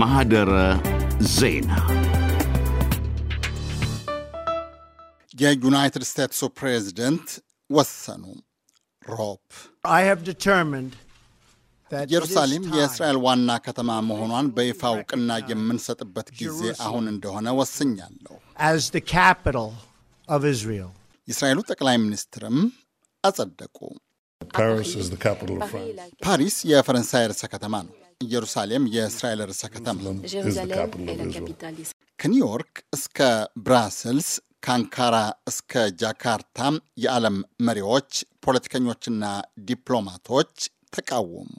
ማህደረ ዜና የዩናይትድ ስቴትሱ ፕሬዚደንት ወሰኑ። ሮብ ኢየሩሳሌም የእስራኤል ዋና ከተማ መሆኗን በይፋ እውቅና የምንሰጥበት ጊዜ አሁን እንደሆነ ወስኛለሁ። የእስራኤሉ ጠቅላይ ሚኒስትርም አጸደቁ። ፓሪስ የፈረንሳይ ርዕሰ ከተማ ነው። ኢየሩሳሌም የእስራኤል ርዕሰ ከተማ። ከኒውዮርክ እስከ ብራስልስ፣ ከአንካራ እስከ ጃካርታ የዓለም መሪዎች፣ ፖለቲከኞችና ዲፕሎማቶች ተቃወሙ።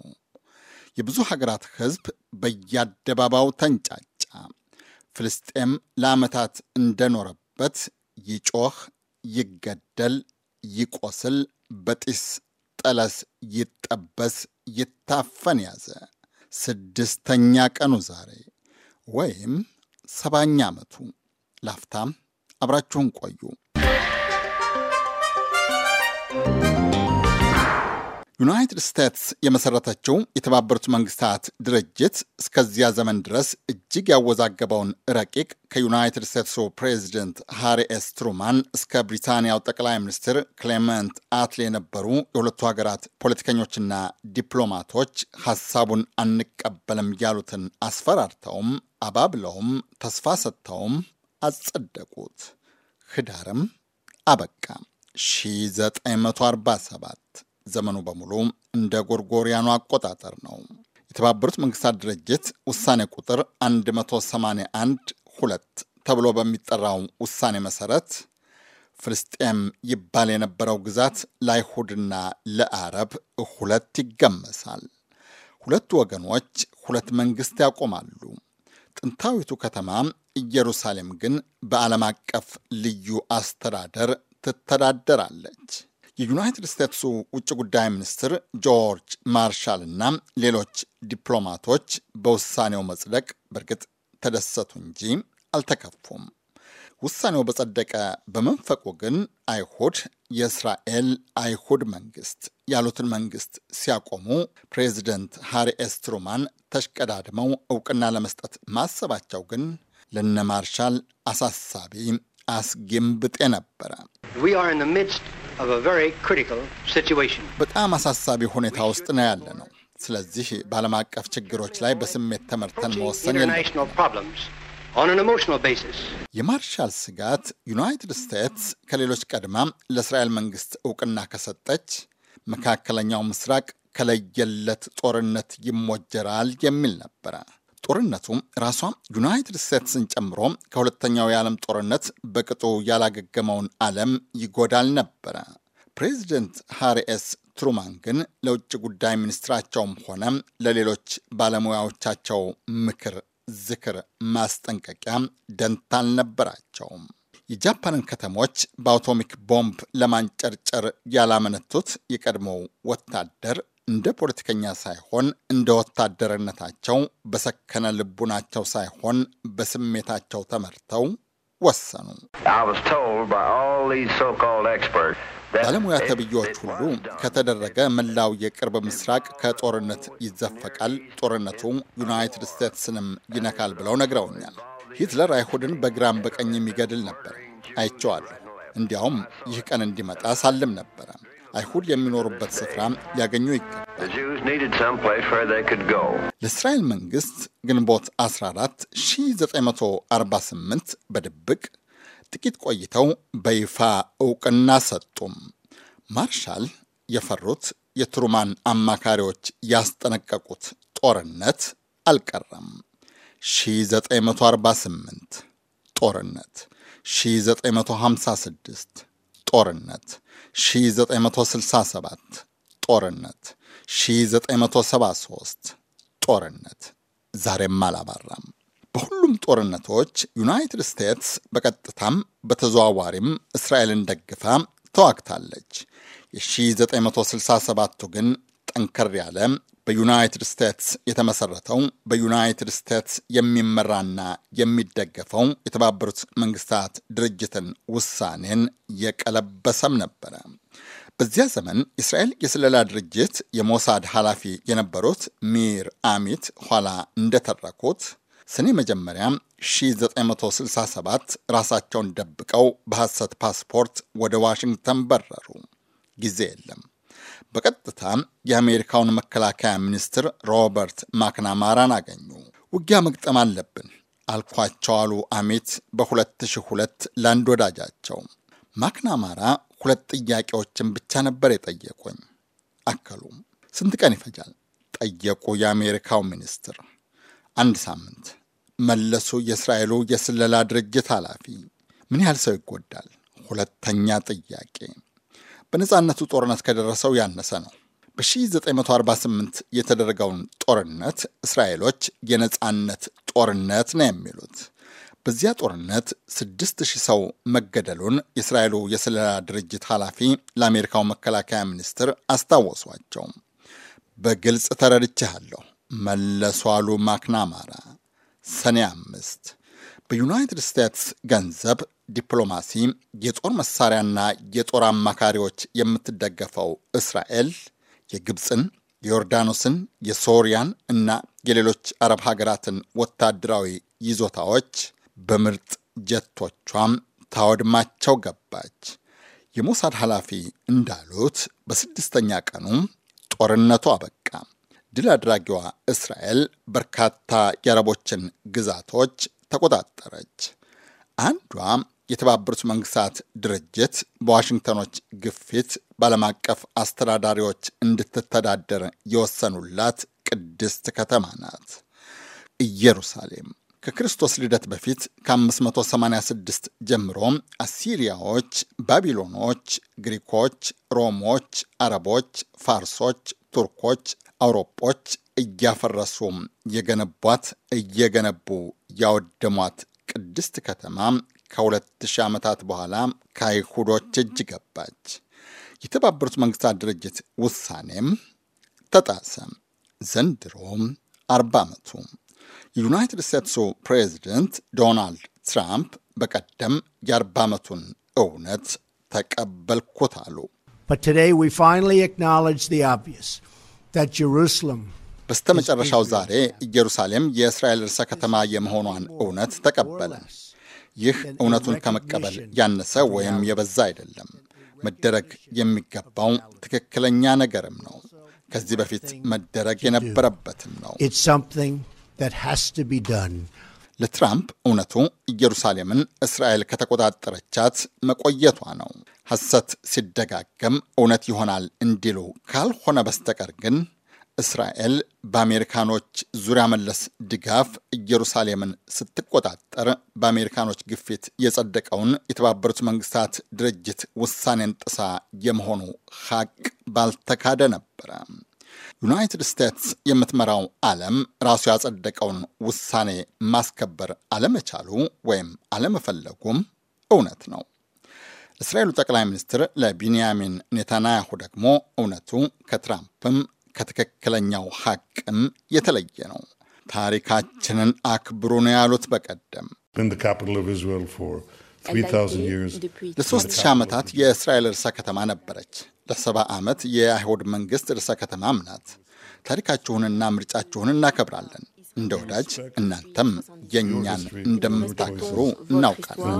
የብዙ ሀገራት ሕዝብ በየአደባባዩ ተንጫጫ። ፍልስጤም ለዓመታት እንደኖረበት ይጮህ፣ ይገደል፣ ይቆስል በጢስ ጠለስ ይጠበስ ይታፈን ያዘ። ስድስተኛ ቀኑ ዛሬ ወይም ሰባኛ ዓመቱ። ላፍታም አብራችሁን ቆዩ። ዩናይትድ ስቴትስ የመሰረተችው የተባበሩት መንግስታት ድርጅት እስከዚያ ዘመን ድረስ እጅግ ያወዛገበውን ረቂቅ ከዩናይትድ ስቴትሱ ፕሬዚደንት ሃሪ ኤስ ትሩማን እስከ ብሪታንያው ጠቅላይ ሚኒስትር ክሌመንት አትሌ የነበሩ የሁለቱ ሀገራት ፖለቲከኞችና ዲፕሎማቶች ሀሳቡን አንቀበልም ያሉትን አስፈራርተውም አባብለውም ተስፋ ሰጥተውም አጸደቁት። ህዳርም አበቃ 1947 ዘመኑ በሙሉ እንደ ጎርጎሪያኑ አቆጣጠር ነው። የተባበሩት መንግስታት ድርጅት ውሳኔ ቁጥር 181 ሁለት ተብሎ በሚጠራው ውሳኔ መሰረት ፍልስጤም ይባል የነበረው ግዛት ለአይሁድና ለአረብ ሁለት ይገመሳል። ሁለቱ ወገኖች ሁለት መንግስት ያቆማሉ። ጥንታዊቱ ከተማ ኢየሩሳሌም ግን በዓለም አቀፍ ልዩ አስተዳደር ትተዳደራለች። የዩናይትድ ስቴትሱ ውጭ ጉዳይ ሚኒስትር ጆርጅ ማርሻል እና ሌሎች ዲፕሎማቶች በውሳኔው መጽደቅ በእርግጥ ተደሰቱ እንጂ አልተከፉም። ውሳኔው በጸደቀ በመንፈቁ ግን አይሁድ የእስራኤል አይሁድ መንግስት ያሉትን መንግስት ሲያቆሙ ፕሬዚደንት ሃሪ ኤስ ትሩማን ተሽቀዳድመው እውቅና ለመስጠት ማሰባቸው ግን ለነ ማርሻል አሳሳቢ አስጊም ነበረ። በጣም አሳሳቢ ሁኔታ ውስጥ ነው ያለ ነው። ስለዚህ በዓለም አቀፍ ችግሮች ላይ በስሜት ተመርተን መወሰን የለም። የማርሻል ስጋት ዩናይትድ ስቴትስ ከሌሎች ቀድማ ለእስራኤል መንግስት እውቅና ከሰጠች መካከለኛው ምስራቅ ከለየለት ጦርነት ይሞጀራል የሚል ነበረ። ጦርነቱ ራሷ ዩናይትድ ስቴትስን ጨምሮ ከሁለተኛው የዓለም ጦርነት በቅጡ ያላገገመውን ዓለም ይጎዳል ነበረ። ፕሬዚደንት ሃሪ ኤስ ትሩማን ግን ለውጭ ጉዳይ ሚኒስትራቸውም ሆነ ለሌሎች ባለሙያዎቻቸው ምክር፣ ዝክር፣ ማስጠንቀቂያ ደንታ አልነበራቸውም። የጃፓንን ከተሞች በአቶሚክ ቦምብ ለማንጨርጨር ያላመነቱት የቀድሞው ወታደር እንደ ፖለቲከኛ ሳይሆን እንደ ወታደርነታቸው በሰከነ ልቡናቸው ሳይሆን በስሜታቸው ተመርተው ወሰኑ። ባለሙያ ተብዬዎች ሁሉ ከተደረገ መላው የቅርብ ምስራቅ ከጦርነት ይዘፈቃል፣ ጦርነቱ ዩናይትድ ስቴትስንም ይነካል ብለው ነግረውኛል። ሂትለር አይሁድን በግራም በቀኝ የሚገድል ነበር፣ አይቼዋለሁ። እንዲያውም ይህ ቀን እንዲመጣ ሳልም ነበረ። አይሁድ የሚኖሩበት ስፍራ ሊያገኙ ይገባል። ለእስራኤል መንግስት ግንቦት 14 1948 በድብቅ ጥቂት ቆይተው በይፋ እውቅና ሰጡም። ማርሻል የፈሩት የትሩማን አማካሪዎች ያስጠነቀቁት ጦርነት አልቀረም። 1948 ጦርነት፣ 1956 ጦርነት 1967 ጦርነት፣ 1973 ጦርነት ዛሬም አላባራም። በሁሉም ጦርነቶች ዩናይትድ ስቴትስ በቀጥታም በተዘዋዋሪም እስራኤልን ደግፋ ተዋግታለች። የ1967ቱ ግን ጠንከር ያለ በዩናይትድ ስቴትስ የተመሰረተው በዩናይትድ ስቴትስ የሚመራና የሚደገፈው የተባበሩት መንግስታት ድርጅትን ውሳኔን የቀለበሰም ነበረ። በዚያ ዘመን የእስራኤል የስለላ ድርጅት የሞሳድ ኃላፊ የነበሩት ሚር አሚት ኋላ እንደተረኩት ሰኔ መጀመሪያ 1967 ራሳቸውን ደብቀው በሐሰት ፓስፖርት ወደ ዋሽንግተን በረሩ። ጊዜ የለም። በቀጥታ የአሜሪካውን መከላከያ ሚኒስትር ሮበርት ማክናማራን አገኙ። ውጊያ መግጠም አለብን አልኳቸው አሉ አሜት በ2002 ለአንድ ወዳጃቸው። ማክናማራ ሁለት ጥያቄዎችን ብቻ ነበር የጠየቁኝ አከሉ። ስንት ቀን ይፈጃል? ጠየቁ የአሜሪካው ሚኒስትር። አንድ ሳምንት መለሱ የእስራኤሉ የስለላ ድርጅት ኃላፊ። ምን ያህል ሰው ይጎዳል? ሁለተኛ ጥያቄ። በነፃነቱ ጦርነት ከደረሰው ያነሰ ነው። በ1948 የተደረገውን ጦርነት እስራኤሎች የነፃነት ጦርነት ነው የሚሉት። በዚያ ጦርነት 6000 ሰው መገደሉን የእስራኤሉ የስለላ ድርጅት ኃላፊ ለአሜሪካው መከላከያ ሚኒስትር አስታወሷቸው። በግልጽ ተረድቻለሁ መለሱ አሉ ማክናማራ ሰኔ አምስት በዩናይትድ ስቴትስ ገንዘብ፣ ዲፕሎማሲ፣ የጦር መሳሪያና የጦር አማካሪዎች የምትደገፈው እስራኤል የግብፅን፣ የዮርዳኖስን፣ የሶሪያን እና የሌሎች አረብ ሀገራትን ወታደራዊ ይዞታዎች በምርጥ ጀቶቿም ታወድማቸው ገባች። የሞሳድ ኃላፊ እንዳሉት በስድስተኛ ቀኑ ጦርነቱ አበቃ። ድል አድራጊዋ እስራኤል በርካታ የአረቦችን ግዛቶች ተቆጣጠረች። አንዷ የተባበሩት መንግስታት ድርጅት በዋሽንግተኖች ግፊት በዓለም አቀፍ አስተዳዳሪዎች እንድትተዳደር የወሰኑላት ቅድስት ከተማ ናት። ኢየሩሳሌም ከክርስቶስ ልደት በፊት ከ586 ጀምሮ አሲሪያዎች፣ ባቢሎኖች፣ ግሪኮች፣ ሮሞች፣ አረቦች፣ ፋርሶች፣ ቱርኮች፣ አውሮጶች እያፈረሱ የገነቧት እየገነቡ ያወደሟት ቅድስት ከተማ ከሁለት ሺህ ዓመታት በኋላ ከአይሁዶች እጅ ገባች። የተባበሩት መንግስታት ድርጅት ውሳኔም ተጣሰ። ዘንድሮ አርባ ዓመቱ የዩናይትድ ስቴትሱ ፕሬዚደንት ዶናልድ ትራምፕ በቀደም የአርባ ዓመቱን እውነት ተቀበልኩት አሉ። But today we finally acknowledge the obvious that Jerusalem በስተመጨረሻው ዛሬ ኢየሩሳሌም የእስራኤል ርዕሰ ከተማ የመሆኗን እውነት ተቀበለ። ይህ እውነቱን ከመቀበል ያነሰ ወይም የበዛ አይደለም። መደረግ የሚገባው ትክክለኛ ነገርም ነው። ከዚህ በፊት መደረግ የነበረበትም ነው። ለትራምፕ እውነቱ ኢየሩሳሌምን እስራኤል ከተቆጣጠረቻት መቆየቷ ነው። ሐሰት ሲደጋገም እውነት ይሆናል እንዲሉ ካልሆነ በስተቀር ግን እስራኤል በአሜሪካኖች ዙሪያ መለስ ድጋፍ ኢየሩሳሌምን ስትቆጣጠር በአሜሪካኖች ግፊት የጸደቀውን የተባበሩት መንግስታት ድርጅት ውሳኔን ጥሳ የመሆኑ ሀቅ ባልተካደ ነበረ። ዩናይትድ ስቴትስ የምትመራው ዓለም ራሱ ያጸደቀውን ውሳኔ ማስከበር አለመቻሉ ወይም አለመፈለጉም እውነት ነው። እስራኤሉ ጠቅላይ ሚኒስትር ለቢንያሚን ኔታንያሁ ደግሞ እውነቱ ከትራምፕም ከትክክለኛው ሐቅም የተለየ ነው። ታሪካችንን አክብሩ ነው ያሉት። በቀደም ለሶስት ሺህ ዓመታት የእስራኤል ርዕሰ ከተማ ነበረች። ለሰባ ዓመት የአይሁድ መንግሥት ርዕሰ ከተማም ናት። ታሪካችሁንና ምርጫችሁን እናከብራለን እንደ ወዳጅ እናንተም የእኛን እንደምታክብሩ እናውቃለን።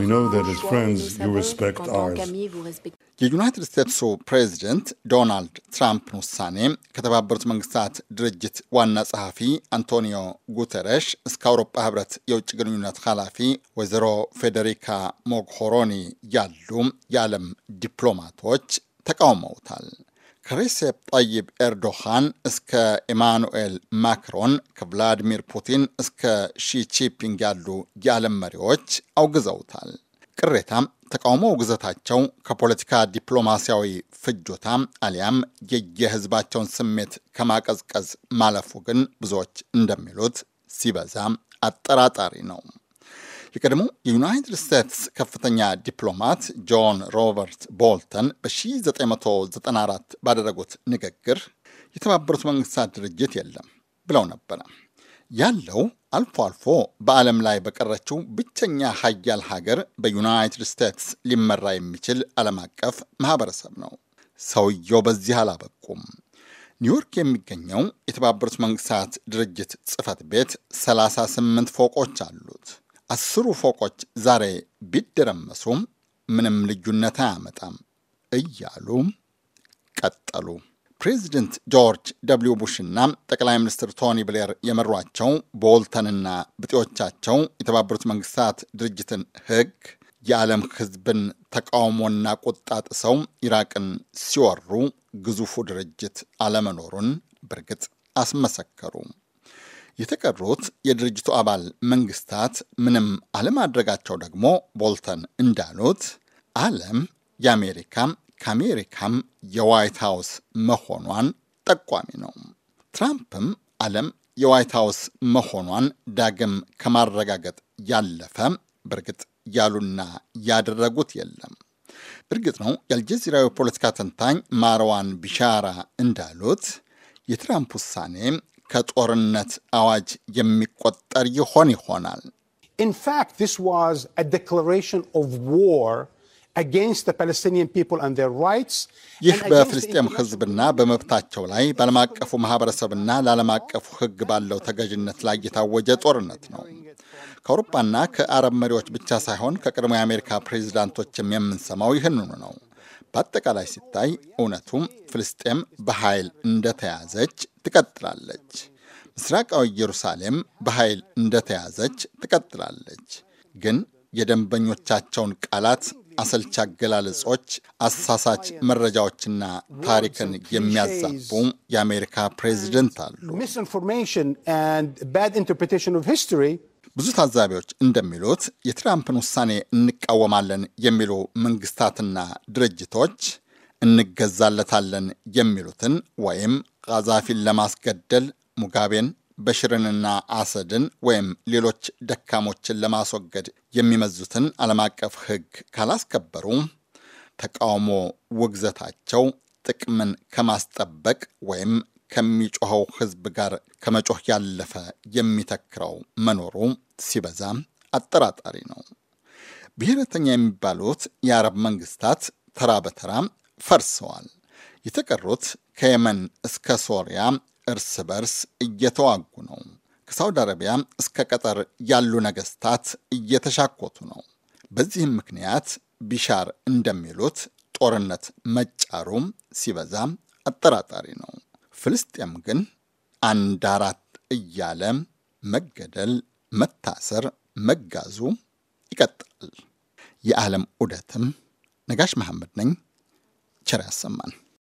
የዩናይትድ ስቴትሱ ፕሬዚደንት ዶናልድ ትራምፕን ውሳኔ ከተባበሩት መንግስታት ድርጅት ዋና ጸሐፊ አንቶኒዮ ጉተረሽ እስከ አውሮፓ ህብረት የውጭ ግንኙነት ኃላፊ ወይዘሮ ፌዴሪካ ሞግሆሮኒ ያሉ የዓለም ዲፕሎማቶች ተቃውመውታል። ከሬሴፕ ጣይብ ኤርዶሃን እስከ ኢማኑኤል ማክሮን ከቭላዲሚር ፑቲን እስከ ሺቺፒንግ ያሉ የዓለም መሪዎች አውግዘውታል። ቅሬታም፣ ተቃውሞ፣ ውግዘታቸው ከፖለቲካ ዲፕሎማሲያዊ ፍጆታ አሊያም የየህዝባቸውን ስሜት ከማቀዝቀዝ ማለፉ ግን ብዙዎች እንደሚሉት ሲበዛ አጠራጣሪ ነው። የቀድሞ የዩናይትድ ስቴትስ ከፍተኛ ዲፕሎማት ጆን ሮበርት ቦልተን በ1994 ባደረጉት ንግግር የተባበሩት መንግስታት ድርጅት የለም ብለው ነበረ። ያለው አልፎ አልፎ በዓለም ላይ በቀረችው ብቸኛ ሀያል ሀገር በዩናይትድ ስቴትስ ሊመራ የሚችል ዓለም አቀፍ ማህበረሰብ ነው። ሰውየው በዚህ አላበቁም። ኒውዮርክ የሚገኘው የተባበሩት መንግስታት ድርጅት ጽህፈት ቤት 38 ፎቆች አሉት። አስሩ ፎቆች ዛሬ ቢደረመሱም ምንም ልዩነት አያመጣም እያሉ ቀጠሉ። ፕሬዚደንት ጆርጅ ደብሊው ቡሽና ጠቅላይ ሚኒስትር ቶኒ ብሌር የመሯቸው ቦልተንና ብጤዎቻቸው የተባበሩት መንግስታት ድርጅትን ሕግ የዓለም ሕዝብን ተቃውሞና ቁጣ ጥሰው ኢራቅን ሲወሩ ግዙፉ ድርጅት አለመኖሩን በእርግጥ አስመሰከሩ። የተቀሩት የድርጅቱ አባል መንግስታት ምንም አለማድረጋቸው ደግሞ ቦልተን እንዳሉት ዓለም የአሜሪካም ከአሜሪካም የዋይት ሀውስ መሆኗን ጠቋሚ ነው። ትራምፕም ዓለም የዋይት ሀውስ መሆኗን ዳግም ከማረጋገጥ ያለፈ በእርግጥ ያሉና ያደረጉት የለም። እርግጥ ነው የአልጀዚራዊ ፖለቲካ ተንታኝ ማርዋን ቢሻራ እንዳሉት የትራምፕ ውሳኔ ከጦርነት አዋጅ የሚቆጠር ይሆን ይሆናል? ይህ በፍልስጤም ሕዝብና በመብታቸው ላይ በዓለም አቀፉ ማህበረሰብና ለዓለም አቀፉ ሕግ ባለው ተገዥነት ላይ የታወጀ ጦርነት ነው። ከአውሮፓና ከአረብ መሪዎች ብቻ ሳይሆን ከቀድሞ የአሜሪካ ፕሬዚዳንቶችም የምንሰማው ይህንኑ ነው። በአጠቃላይ ሲታይ እውነቱም ፍልስጤም በኃይል እንደተያዘች ትቀጥላለች። ምስራቃዊ ኢየሩሳሌም በኃይል እንደተያዘች ትቀጥላለች። ግን የደንበኞቻቸውን ቃላት፣ አሰልቻ አገላለጾች፣ አሳሳች መረጃዎችና ታሪክን የሚያዛቡ የአሜሪካ ፕሬዝደንት አሉ። ብዙ ታዛቢዎች እንደሚሉት የትራምፕን ውሳኔ እንቃወማለን የሚሉ መንግስታትና ድርጅቶች እንገዛለታለን የሚሉትን ወይም ጋዛፊን ለማስገደል ሙጋቤን በሽርንና አሰድን ወይም ሌሎች ደካሞችን ለማስወገድ የሚመዙትን ዓለም አቀፍ ሕግ ካላስከበሩ ተቃውሞ ውግዘታቸው ጥቅምን ከማስጠበቅ ወይም ከሚጮኸው ህዝብ ጋር ከመጮህ ያለፈ የሚተክረው መኖሩ ሲበዛ አጠራጣሪ ነው። ብሔረተኛ የሚባሉት የአረብ መንግስታት ተራ በተራ ፈርሰዋል። የተቀሩት ከየመን እስከ ሶሪያ እርስ በርስ እየተዋጉ ነው። ከሳውዲ አረቢያ እስከ ቀጠር ያሉ ነገስታት እየተሻኮቱ ነው። በዚህም ምክንያት ቢሻር እንደሚሉት ጦርነት መጫሩም ሲበዛ አጠራጣሪ ነው። ፍልስጤም ግን አንድ አራት እያለ መገደል፣ መታሰር፣ መጋዙ ይቀጥላል። የዓለም ዑደትም ነጋሽ መሐመድ ነኝ። ቸር ያሰማን።